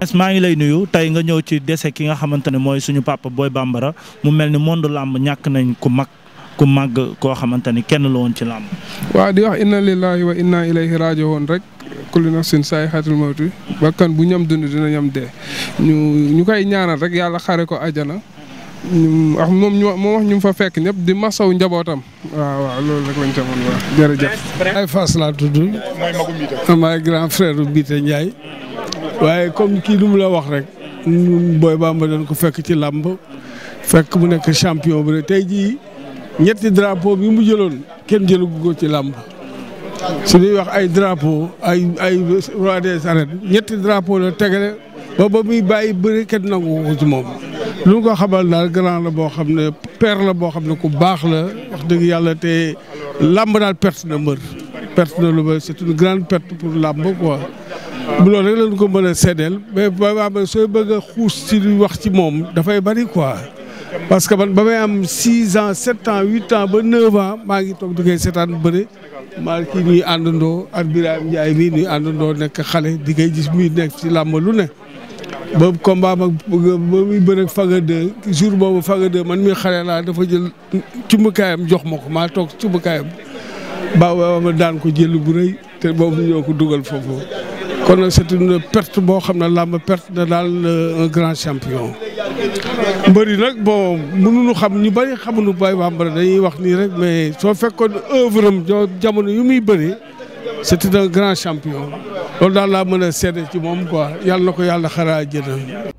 es maa ngi lay nuyu tey nga ñëw ci dese ki nga xamante ne mooy suñu papa booy Bambara mu mel ni monde làmb ñàkk nañ ku mag ku màgg koo xamante ni kenn la ci làmb waaw di wax inna lillahi wa inna rajo woon rek kullu nafsin saa'iqatul mawti kan bu ñam dund dina ñam dee ñu ñu koy ñaanal rek yàlla xare ko ajana wax moom ñu moom wax ñu fa fekk ñëpp di masaw njabootam waaw waaw loolu rek lañ ca mën wax jërëjëf ay Fass laa tudd waaye comme kii lu mu la wax rek ñun Boy Bamba doon ko fekk ci làmb fekk mu nekk champion bu ne tey jii ñetti drapeau bi mu jëloon kenn jëlagu ko ci làmb su ñuy wax ay drapeau ay ay roi des arènes ñetti drapeau la tegale ba ba muy bàyyi bëri kenn nangu ko ci moom lu ñu ko xamal daal grand la boo xam ne per la boo xam ne ku baax la wax dëgg yàlla te làmb daal perte na mbër perte na lu ba c'est une grande perte pour làmb quoi bu loolu rek lañ ko mën a seddeel mais ba ba sooy bëgg a xuus ci li wax ci moom dafay bari quoi. parce que man ba may am 6 ans 7 ans 8 ans ba 9 ans maa ngi toog di koy seetaan bëre maa kii ñuy àndandoo ak Birame Ndiaye mii ñuy àndandoo nekk xale di koy gis muy nekk ci làmb lu ne. ba combat ba muy bëre Faga 2 jour boobu Faga 2 man mi xale laa dafa jël cumbukaayam jox ma ko maa toog cumbukaayam baaw ma daan ko jël bu rëy te boobu ñoo ko dugal foofu. kon nag c'est une perte boo xam ne làmb perte na daal euh, un grand champion. bëri nag boo bon mënuñu xam ñu bari xamuñu Boy Bambara dañuy wax nii rek mais soo fekkoon œuvre am jamono yu muy bëri c'était un grand champion loolu daal laa mën a seede ci moom quoi yàlla na ko yàlla xaraa jëna